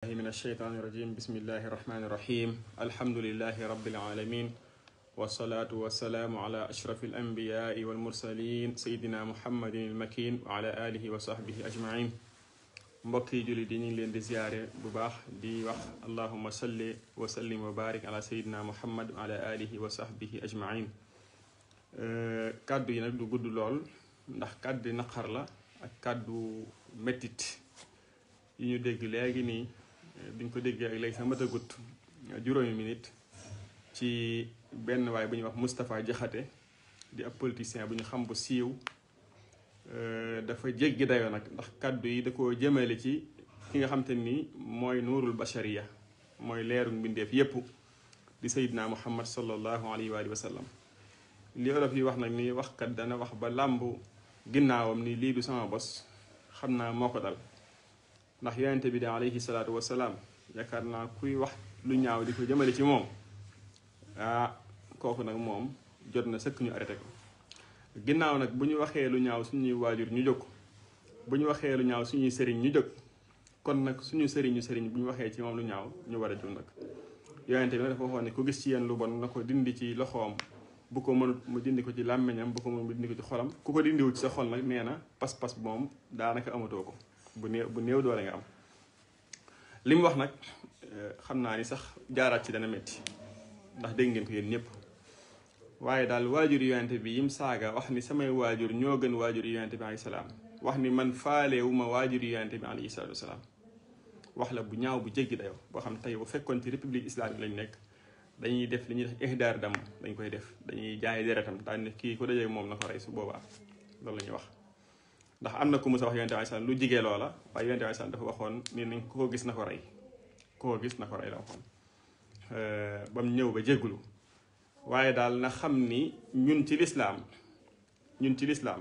من الشيطان الرجيم بسم الله الرحمن الرحيم الحمد لله رب العالمين والصلاة والسلام على أشرف الأنبياء والمرسلين سيدنا محمد المكين وعلى آله وصحبه أجمعين مبكي جولي ديني لين دي بباح دي وخ اللهم صل وسلم وبارك على سيدنا محمد وعلى آله وصحبه أجمعين كادو ينبدو قد لول نح kaddu نقر لا كادو متت metit yi bi ñu ko déggee ak léegi sax matagut juróomi minute ci benn waay bu ñuy wax Moustapha Diakhaté di ab politicien bu ñu xam bu siiw dafa jéggi dayoo nag ndax kàddu yi da koo jëmale ci ki nga xam te ni mooy nuurul bashariya mooy leeru mbindeef yépp di sayidna muhammad sallallahu alayhi wa sallam li olof yi wax nag ni waxkat dana wax ba làmb ginnaawam ni lii du sama bos xam naa moo ko dal ndax yonente bi de alayhi salaatu wasalaam yaakaar naa kuy wax lu ñaaw di ko jëmale ci moom ah kooku nag moom jot na sëkk ñu arrêté ko ginnaaw nag bu ñu waxee lu ñaaw suñuy waajur ñu jóg bu ñu waxee lu ñaaw suñuy sëriñ ñu jóg kon nag suñu sëriñu sëriñ bu ñu waxee ci moom lu ñaaw ñu war a jóg nag yonente bi nag dafa waxoon ne ku gis ci yéen lu bon na ko dindi ci loxoom bu ko mënut mu dindi ko ci làmmiñam bu ko mënut mu dindi ko ci xolam ku ko dindiwul ci sa xol nag nee moom daanaka amatoo ko bu néew bu néew doole nga am li mu wax nag xam naa ni sax jaaraat ci dana métti ndax dégg ngeen ko yéen ñëpp waaye daal waajur yonente bi yim saaga wax ni samay waajur ñoo gën waajur yonente bi alayhi salaam wax ni man faalewu ma waajur yonente bi alayhi salaatu wasalaam wax la bu ñaaw bu jéggi dayoo boo xam tey bu fekkoon ci république islamique lañ nekk dañuy def li ñuy def ihdaar dam dañ koy def dañuy jaay deretam daan ne kii ko dajee moom na ko rey su boobaa loolu la ñuy wax ndax am na ku musa wax yonente ay salaam lu jigee loola waaye yonente alayhi dafa waxoon ni ni ko gis na ko rey ku ko gis na ko rey la waxoon ba mu ñëw ba jéggulu waaye daal na xam ni ñun ci lislaam ñun ci lislaam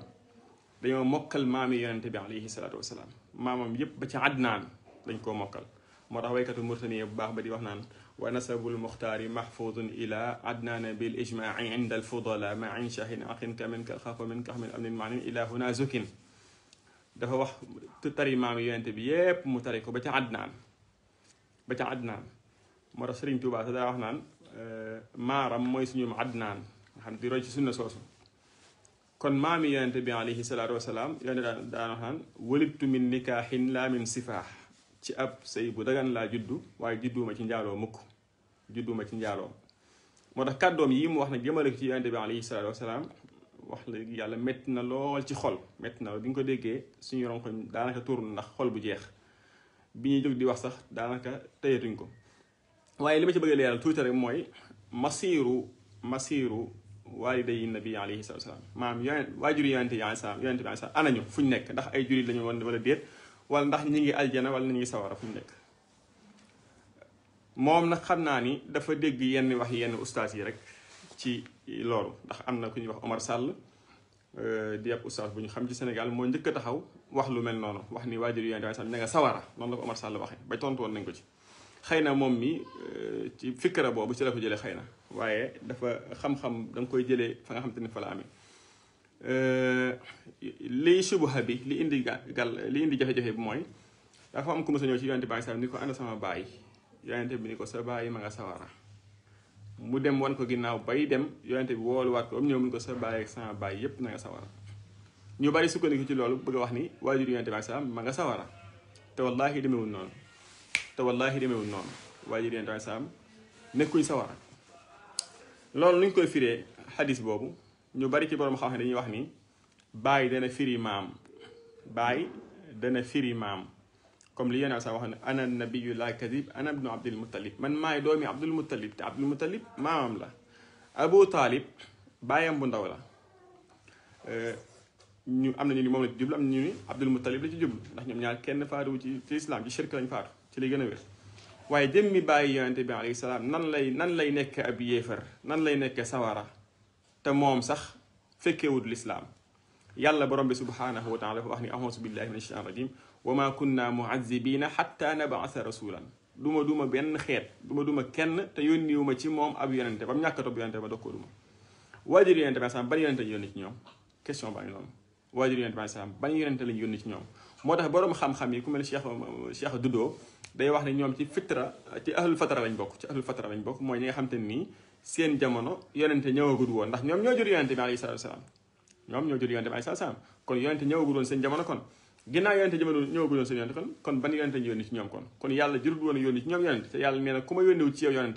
dañoo mokkal maam yi yonente bi alayhi salaatu wasalaam maamam yépp ba ci adnaan dañ koo mokkal moo tax waykatu murtaniye bu baax ba di wax naan wa nasabul muxtaari mahfuzun ila adnaana bil ijmaai inda al fudala ma in shahin aqin kamin kalxafa min kaxmin amnin maanin ila huna zukin dafa wax tari maam yi bi yépp mu tari ko ba ca Adnaan ba ca Adnaan moo Sëriñ Tuubaa sa daa wax naan euh, maaram mooy suñu Adnaan nga xam di roy ci sunna soosu kon maam yi bi alayhi salaatu wasalaam yonente daan ci ab sëy bu dagan laa juddu waaye judduma ci njaaloo mukk judduma ci njaaloo moo tax kàddoom yi mu wax na jëmale ko ci yonente bi alayhi salaatu wasalaam wax la yàlla métti na lool ci xol métti na bi nga ko déggee suñu ronkoñ daanaka tuur na ndax xol bu jeex bi ñuy jóg di wax sax daanaka tëyetuñ ko waaye li ma ci bëgg a leeral tuuti rek mooy masiiru masiiru waaliday nabi alayhi salatu salaam maanaam yonent waajur yonente yi alayhi salaam yonente bi alayhi salaam anañu fuñ nekk ndax ay jurit lañu woon wala déet wala ndax ñi ngi aljana wala ñi ngi sawara fuñ nekk moom nag xam naa ni dafa dégg yenn wax yenn ustaas yi rek ci loolu ndax am na ku ñuy wax Omar Sall di ab oustaz bu ñu xam ci Sénégal moo njëkk a taxaw wax lu mel noonu wax ni waajur yu Yonent bi ne nga sawara noonu la ko Omar Sall waxee ba tontu woon nañ ko ci. xëy na moom mi ci fikra boobu ci la ko jëlee xëy na waaye dafa xam-xam da koy jëlee fa nga xam te fa la amee li subuha bi li indi gàll li indi jafe-jafe bi mooy dafa am ku mos ñëw ci Yonent bi ni ko ànd sama baay Yonent bi ni sa baay ma nga sawara. mu dem wan ko ginnaaw bay dem yonente bi wooluwaat ko am ñëw mun ko sa baay ak sama baay yépp na nga sawara ñu bari sukkandiku ci loolu bëgg a wax ni waajur yonente bi ak salaam ma nga sawara te wallaahi demewul noonu te wallaahi demewul noonu waajur yonente bi ak salaam nekkuñ sawara loolu nuñ koy firee xadis boobu ñu bari ci borom xam ne dañuy wax ni baay dana firi maam baay dana firi maam comme li yeneen saa wax ne ana nabiyu laa kadib ana ibnu abdul muttalib man maay doomi abdul muttalib te abdul muttalib maamam la abu taalib bàyyam bu ndaw la ñu am nañu ni moom la ci jublu am nañu ni abdul muttalib la ci jublu ndax ñoom ñaar kenn faatu ci ci islam ci shirk lañ faatu ci li gën a wér waaye jëmmi bàyyi yonente bi alayhi salaam nan lay nan lay nekk ab yéefar nan lay nekk sawara te moom sax fekkewut lislaam yàlla borom bi subhanahu wa taala wax ni ahousu billahi min shaitan rajim wa ma kunna muazibina xatta nabaasa rasulan duma duma benn xeet duma duma kenn te yónniwuma ci moom ab yonente ba mu ñàkk a topp yonente ma doog koo duma waajur yonente ba sam ban yonente lañ yónni ci ñoom question baa ngi noonu waajur yonente ba sam ban yonente lañ yónni ci ñoom moo tax borom xam-xam yi ku mel cheikh cheikh duddoo day wax ne ñoom ci fitra ci ahlul fatara lañ bokk ci ahlul fatara lañ bokk mooy ñi nga xam te nii seen jamono yonente ñëwagul woon ndax ñoom ñoo jur yonente bi alayhi salatu wasalaam ñoom ñoo jur yonente bi alayhi salaam kon yonente ñëwagul woon seen jamono kon ginnaaw yonente jamono ñëwagul woon seen yonente kon kon ban yonente ñu ñoom kon kon yàlla jurul woon yónni ci ñoom yonente te yàlla nee na ku ma yónniwu ci la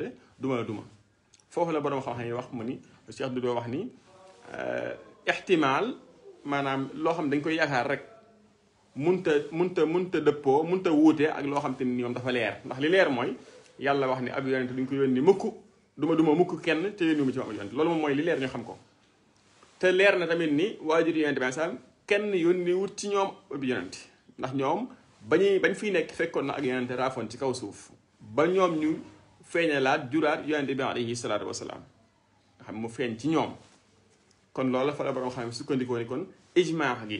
duma foofu la wax mu ni Cheikh du doo wax ni euh, maanaam loo xam dañ koy yaakaar rek munta munta munta dëppoo munta wuute ak loo xam te ni moom dafa leer ndax li leer mooy yàlla wax ni ab yonente duñ ko yónni mukk duma duma mukk kenn te yónni mu ci ma ab yonente loolu moom mooy li leer ñu xam ko te leer na tamit ni waajur yonent bi saam kenn yónni wut ci ñoom bi ndax ñoom bañuy bañ fiy nekk fekkoon na ak yonent ci kaw suuf ba ñoom ñu feeñalaat juraat yonent bi alayhi salaatu wasalaam nga xam mu feeñ ci ñoom kon loolu fa la borom xam sukkandikoo ni kon ijmaa gi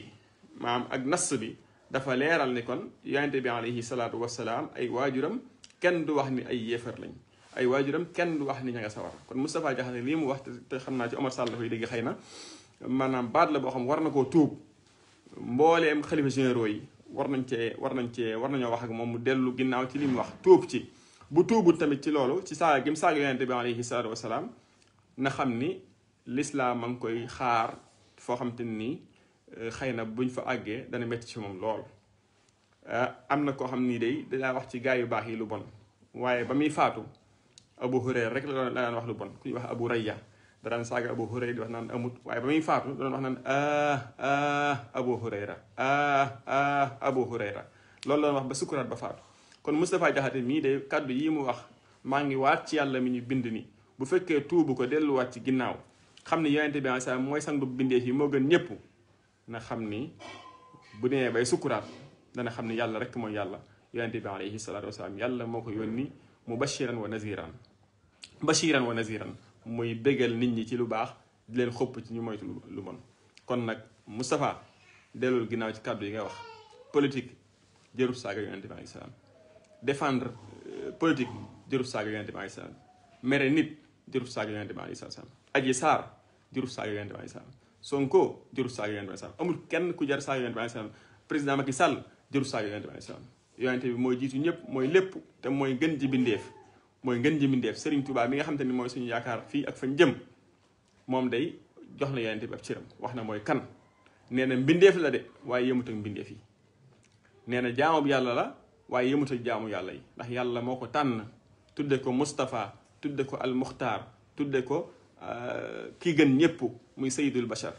maam ak nas bi dafa leeral ni kon yonent bi alayhi salaatu wasalaam ay waajuram kenn du wax ni ay yéefar lañ ay wajuram kenn wax ni ña nga sawar kon mustafa Diakhaté li mu wax te xamna ci Omar Sall dafay dégg xëy na baat la bo xam war nako toob mbollem khalifa xalifa généraux yi war nañ ci war nañ ci war nañu wax ak mom mu delu ginnaw ci li mu wax toob ci bu toobu tamit ci lolu ci sa gi mu saaga yonente bi alayhi salatu wasalaam na xamni l'islam mang koy xaar fo xam xeyna buñ fa agge dana métti ci mom lolu amna ko xamni xam ni day daa wax ci gaay yu bax yi lu bon waye bamuy muy faatu abu hurayra rek la daan wax lu bon ku ñuy wax abu da daan saaga abu wax naan amut waaye ba muy faatu da doon wax naan ah, ah, ah, loolu la wax ba sukkuraat ba faatu kon Moustapha Diakhaté mii de kàddu yii mu wax maa ngi waat ci yàlla mi ñu bind ni bu fekkee tuubu ko delluwaat ci ginnaaw xam ni yonente bi sa mooy sangu bindee fii moo gën ñëpp na xam ni bu bay sukkuraat dana xam ni yàlla rek mooy yàlla yonente bi alayhi salaatu wasalaam yàlla moo ko yónni mubashiran wa naziran bashiran wa naziran muy bégal nit ñi ci lu baax di leen xëpp ci ñu moytu lu bon kon nag mustapha dellul ginnaaw ci kàddu yi nga wax politique jërub saaga yonente bi alayhi salaam défendre euh, politique jërub saaga mere nit jërub saaga yonente bi alayhi salaam aji saar jërub saaga yonente bi alayhi salaam Sonko jërub saaga amul kenn ku jar saaga yonente président Macky Sall jërub saaga yonente bi bi mooy jiitu ñëpp mooy lépp te mooy gën ji bindeef moy ngeen def Serigne Touba mi nga xamanteni moy suñu yaakaar fi ak fañ jëm mom day jox na yonent bi ab ciiram waxna moy kan neena mbindef la de waye yëmut ak mbindef yi neena jaamu jaamub yàlla la waye yëmut ak jaamu yàlla yi ndax yàlla moko tan tudde ko mustafa tudde ko al mukhtar tudde ko ki gën ñëpp muy Sayyidul bashar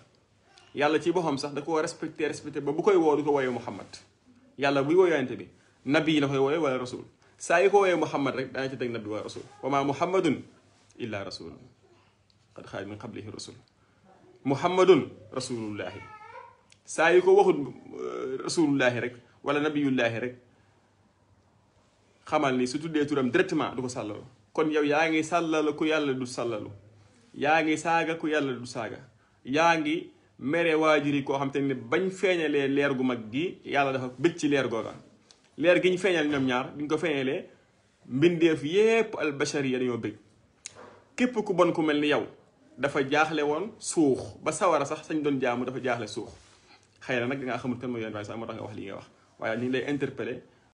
yàlla ci boppam sax da ko respecter respecter ba bu koy wo du ko woowee Muhammad yàlla buy woo yonent bi nabi la koy woowee wala rasul saa yi ko woowee muhammad rek daañu ci teg nabi wa rasul wa maa muhammadun illa rasul qad xaaj min qablihi rasul muhammadun rasulullahi saa yi ko waxut euh, rasulullahi rek wala nabiyullahi rek xamal ni su tuddee turam directement du ko sàllalu kon yow yaa ngi sàllalu ku yàlla du sallalu yaa ngi saaga ku yàlla du saaga yaa ngi mere waajur yi koo xam te ni bañ feeñalee leer gu mag gi yàlla dafa bëgg ci leer googa leer gi feñal ñom ñaar buñ ko feeñalee mbindeef yépp al bashariya dañu bëgg képp ku bon ku melni ni yow dafa jaaxle won suux ba sawara sax sañ doon jaamu dafa jaaxle suux xëy nak nag dangaa xamul kan mo yoon bay sax mo tax nga wax li nga wax waya ni lay interpeller